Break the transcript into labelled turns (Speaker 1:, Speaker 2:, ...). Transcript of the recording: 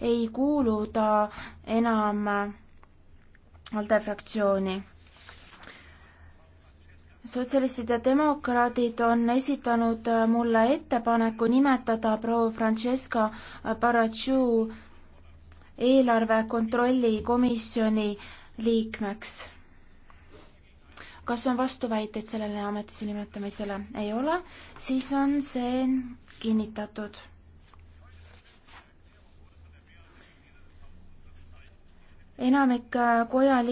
Speaker 1: ei kuulu ta enam ALDE fraktsiooni. sotsialistid ja demokraadid on esitanud mulle ettepaneku nimetada proua Francesca Baracciu eelarve kontrolli komisjoni liikmeks. kas on vastuväiteid sellele ametisse nimetamisele? ei ole, siis on see kinnitatud enamik äh, koja liikmeid